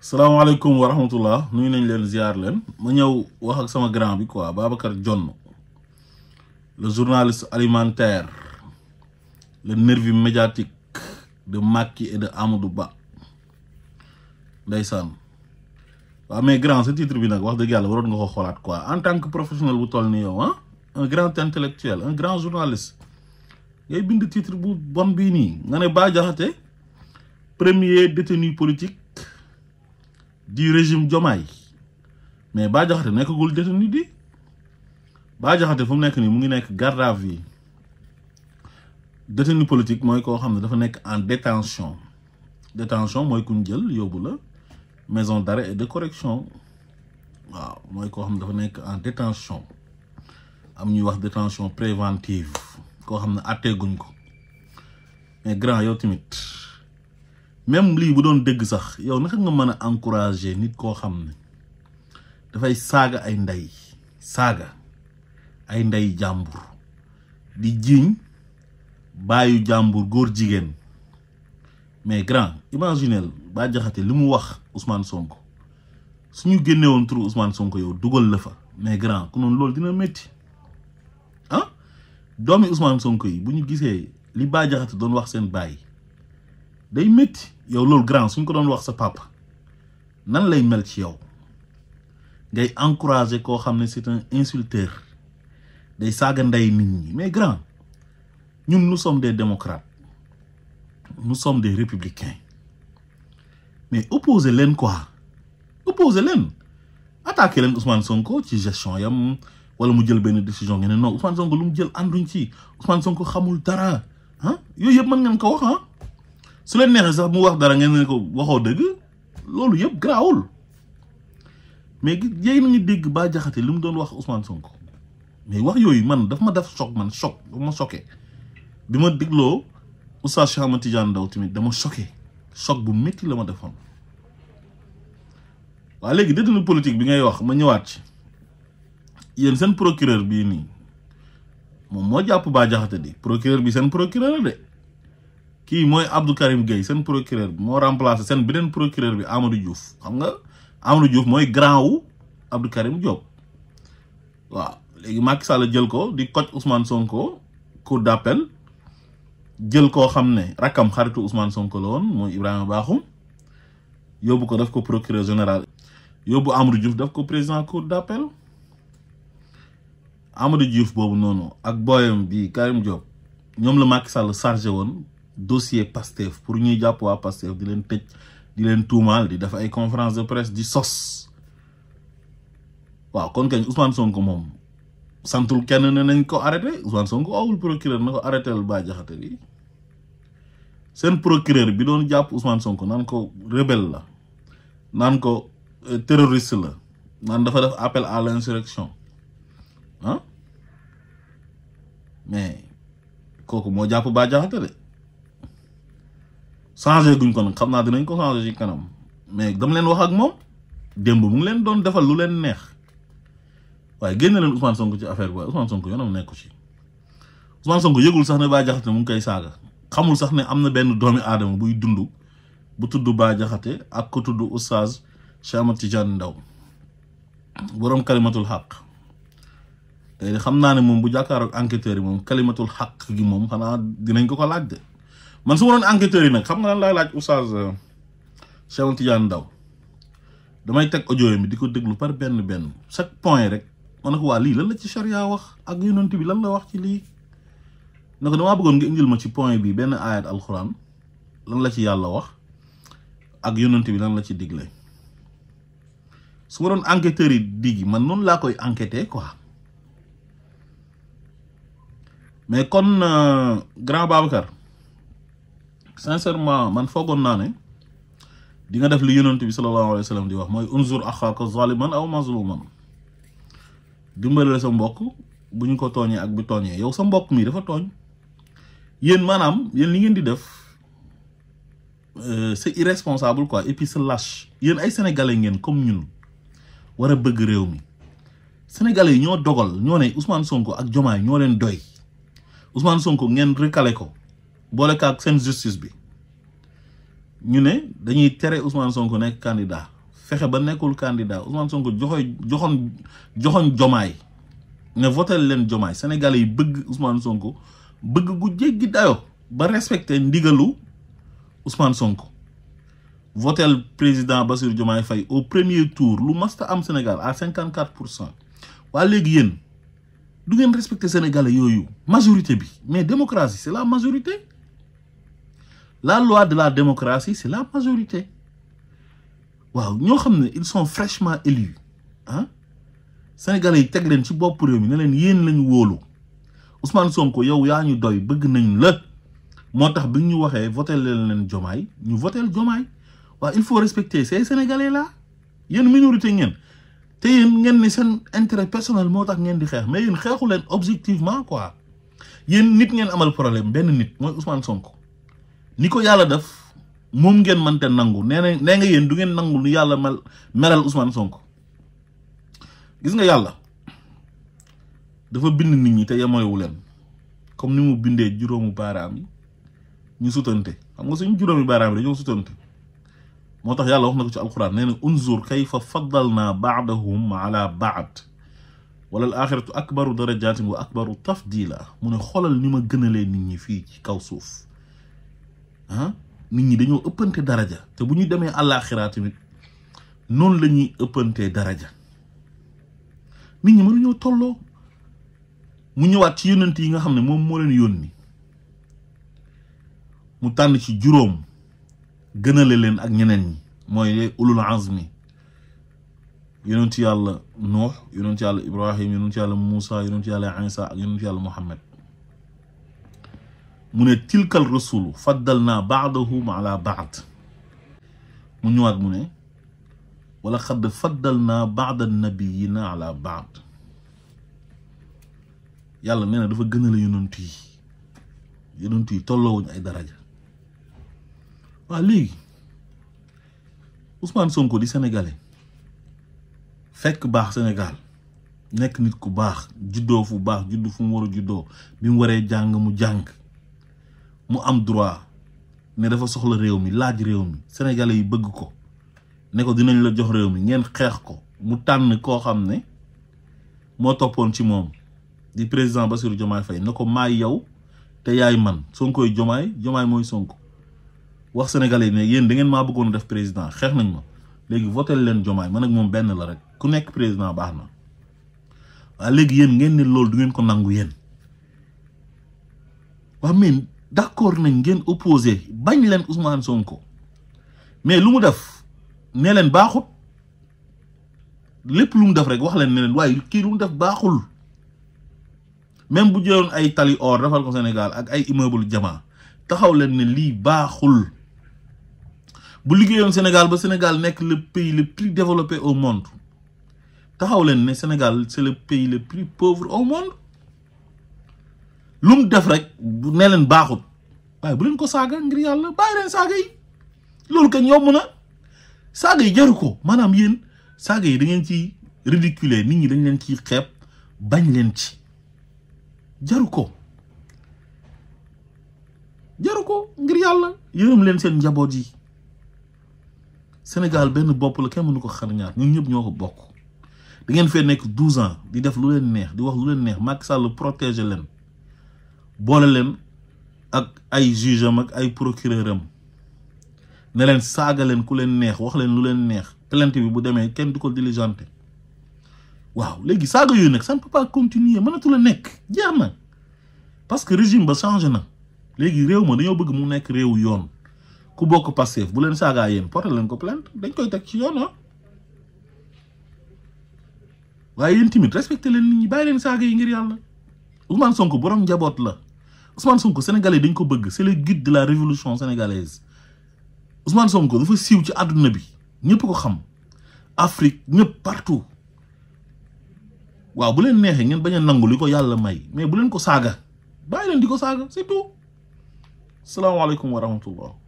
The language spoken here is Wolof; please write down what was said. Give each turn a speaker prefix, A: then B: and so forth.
A: Salam alaikum wa rahmatullah nous sommes les ziar je ma un grand bi le journaliste alimentaire le nervi médiatique de Maki et de Amadou Ba mais grand ce titre bi en tant que professionnel hein, un grand intellectuel un grand journaliste Il bind titre bu bon bii nii nga a bah premier détenu politique du régime Diomaye mais ba joxate nekkagul détenu di ba joxate fum nek ni nii mu ngi nekk garde à vie détenu politique moy ko xam dafa nek en détention détention moy kuñ djel yobula maison d'arrêt et de correction waaw moy ko xam dafa nek en détention am ñu wax détention préventive ko xam atté guñ ko mais grand yow tamit même lii bu doon dëgg sax yow naka nga mën a encourager nit koo xam ne dafay saaga ay ndey saaga ay ndey jàmbur di jiiñ baayu jàmbur góor jigéen mais grand imaginel Bah li mu wax Ousmane sonk suñu génne woon turu Ousmane Sonko yow dugal la fa mais grand ku noonu loolu dina metti ah doomi Ousmane Sonko yi bu ñu gisee li Bah Diakhaté doon wax seen baay day metti yow loolu grand suñ ko don wax sa papa nan lay mel ci yow ngay encourager ko xamné c'est un insulteur day saaga ndey nit ñi mais grand ñun nous sommes des démocrates nous sommes des républicains mais opposer leen quoi opposer leen attaquer leen Ousmane Sonko ci gestion yam wala mu jël ben décision ngeen non Ousmane Sonko lu mu jël ànduñ ci Ousmane Sonko xamul dara hein yoy yëpp man ngeen ko wax hein su leen neexee sax mu wax dara ngeen ne ko waxo deug lolu yeb grawul mais yéen a ngi dégg Bah Diakhaté li doon wax Ousmane Sonko mais wax yoy man daf ma daf choc man choc daf ma choqué bima diglo dégloo Oustaz Cheikh Ahmed Tidiane Ndao tamit dama choqué choc bu metti lama defon wa legui léegi détenu politique bi ngay wax ma ñewat ci yeen sen procureur bi ni mom mo japp ba jaxati di procureur bi sen procureur de kii mooy Abdou Karim Gueye seen procureur bi moo remplacé seen beneen procureur bi amaru Diouf xam nga Amadou Diouf mooy grand wu Abdou Karim Diop waaw léegi Macky Sall jël ko di koj Ousmane Sonko cour d'appel jël koo xam ne rakkam xaritu Ousmane Sonko la woon mooy Ibrahima Bakhoum yóbbu ko def ko procureur général yóbbu Amadou Diouf def ko président cour d'appel Amadou Diouf boobu noonu ak booyam bi Karim Diop ñoom la Macky Sall chargé woon dossier Pastef pour ñi japp wa Pastef di len tej di len tuumaal di def ay conférence de presse di sos wa kon kañ Ousmane Sonko mom santul kenn ne nañ ko arrêté Ousmane Sonko awul procureur nako ko arrêté Bah Diakhaté bi sen procureur bi doon japp Ousmane Sonko nan ko rebelle la nan ko euh, terroriste la nan dafa def appel à l'insurrection ah mais kooku mo japp ba Diakhaté de changé guñ ko nag xam naa dinañ ko changé ci kanam mais dama leen wax ak moom démb mu ngi leen doon defal lu leen neex waaye génne leen Ousmane Sonko ci affaire bi waaye Ousmane Sonko yoonam nekku ci Ousmane Sonko yëgul sax ne Bah Diakhaté mu ngi koy saaga xamul sax ne am na benn doomi aadama buy dund bu tudd Bah Diakhaté ak ko tudd Oustaz Cheikh Ahmed Tidiane Ndaw boroom kalimatul xaq léegi xam naa ne moom bu jàkkaarook enquêteurs yi moom kalimatul xaq gi moom xanaa dinañ ko ko man su waroon enquêteurs yi nag xam nga lan laay laaj oustaz euh, Cheikh Tidiane Ndaw damay teg audio yi di ko déglu par benn benn chaque point rek ma ne ko waa lii lan la ci charia wax ak yonent bi lan la wax ci lii ne ko indil ma ci point bi benn ayat alxuraan lan la ci yàlla wax ak yonent bi lan la ci digle su ma doon enquêteurs yi digi man noonu laa koy enquêter quoi mais kon euh, grand Babacar sincèrement man foogoon naa ne di nga def lu yonent bi sallallahu alayhi wa sallam di wax mooy unzur axaaka zaliman aw mazluman dimbalal sa mbokk bu ñu ko tooñee ak bu tooñee yow sa mbokk mi dafa tooñ yéen maanaam yéen li ngeen di def euh, c'est irresponsable quoi et puis c'est lâche ay sénégalais ngeen comme ñun war bëgg réew mi sénégalais yi ñoo dogal ñoo ne Ousmane Sonko ak Diomaye ñoo leen doy Ousmane Sonko ngeen recalé ko Bolé justice bi ñu dañuy Ousmane Sonko nek candidat ba candidat Ousmane Sonko joxoy Sénégalais bëgg Ousmane Sonko bëgg gu dayo ba Ousmane Sonko président Bassir Diomaye Faye au premier tour lu masta am Sénégal à 54%. wa yeen Sénégalais majorité bi mais démocratie c'est la majorité la loi de la démocratie, c'est la majorité. waaw ñoo xam ils sont fraîchement élus Hein? sénégalais yi teg leen ci bopp réew mi ne leen lañu wóolu Ousmane Sonko yow yaa ñu doy bëgg nañ la motax tax bi ñu waxee voté leen leen ñu voter jomay wa il faut respecter ces sénégalais là yeen minorité ñen té yeen ngeen ne seen intérêt personnel motax tax di xeex mais yeen xeexu leen objectivement quoi yeen nit ngeen amal problème ben nit mooy Ousmane Sonko. ni ko yàlla def moom ngeen mënte nangu nee nee nga yéen du ngeen nangu nu yàlla mel melal Ousmane sonk gis nga yàlla dafa bind nit ñi te yemoyewu leen comme ni mu bindee juróomu baaraam yi ñu sutante xam nga suñu juróomi baaraam yi dañoo sutante moo tax yàlla wax na ko ci alquran nee na unzur kayfa faddalna baadahum ala baad wala al axiratu akbaru darajatin wa akbaru tafdila mu ne xoolal ni ma gënalee nit ñi fii ci kaw suuf ah nit ñi dañoo ëppante daraja te bu ñu demee àllaaxira tamit noonu la ñuy ëppantee daraja nit ñi mënuñoo tolloo mu ñëwaat ci yonent yi nga xam ne moom moo leen yónni mu tànn ci juróom gënale leen ak ñeneen ñi mooy yooyu ulul azmi yonent yàlla nuux yonent yàlla ibrahim yonent yàlla moussa yonent yàlla isa ak yonent yàlla muhammad من تلك الرسل فضلنا بعضهم على بعض من يوعد من ولقد فضلنا بعض النبيين على بعض يلا نينا دفا غنل يونتي يونتي تولو وني اي درجه وا لي عثمان سونكو دي سنغالي فك باخ سنغال nek nit ku bax jiddo fu bax jiddu fu mu wara jiddo bimu waré jang mu mu am droit ne dafa soxla réew mi laaj réew mi sénégalais yi bëgg ko ne ko dinañ la jox réew mi ngeen xeex ko mu tànn koo xam ne moo toppoon ci moom di président Bassirou Diomaye fay ne ko maay yow te yaay man soo koy Diomaye Diomaye mooy Sonko wax sénégale yi ne yéen da ngeen maa bëggoon def président xeex nañ ma léegi votel leen Diomaye man ak moom benn la rek ku nekk président baax na waaye léegi yéen ngeen ne loolu du ngeen ko nangu yéen d'accord nañ ngeen opposé bañ len Ousmane Sonko mais lu mu def ne leen baaxut lépp lu mu def rek wax len ne leen waaye kii lu mu def baxul même bu jëloon ay tali or defal ko Sénégal ak ay immeuble jamaa taxaw len ne li baxul bu liggéeyoon Sénégal ba Sénégal nek le pays le plus développé au monde taxaw len ne Sénégal c'est le pays le plus pauvre au monde lu def rek ne leen baaxut waaye bu leen ko saaga ngir yàlla bàyyi leen saaga yi loolu kañ yomb na saaga yi jaru ko maanaam yéen saaga yi da ngeen ci ridiculer nit ñi dañ leen ci xeeb bañ leen ci jaru ko jaru ko ngir yàlla yërëm leen seen njaboot yi Sénégal benn bopp la kenn munu ko xar ñaar ñun ñëpp ñoo ko bokk da ngeen fee nekk douze ans di def lu leen neex di wax lu leen neex Macky Sall protéger leen boole leen ak ay juge ak ay procureur am ne leen saaga leen ku leen neex wax leen lu leen neex plainte bi bu demee kenn du ko diligenté waaw léegi saaga yooyu nag ça ne peut pas continuer nekk jeex na parce que régime ba changé na léegi réew ma dañoo bëgg mu nekk réew yoon ku bokk Pastef bu leen saagaa yéen porté leen ko plainte dañ koy teg ci yoon ah waaye yéen tamit respecté leen nit ñi bàyyi leen saaga yi ngir yàlla Ousmane Sonko borom njaboot la Ousmane Sonko sénégalais dañ ko bëgg c'est le guide de la révolution sénégalaise Ousmane Sonko dafa siiw ci aduna bi ñepp ko xam Afrique ñepp partout waaw bu len nexé ñen baña nangul liko Yalla ko may mais bu len ko saga bay len diko saga c'est tout alaykum wa rahmatullah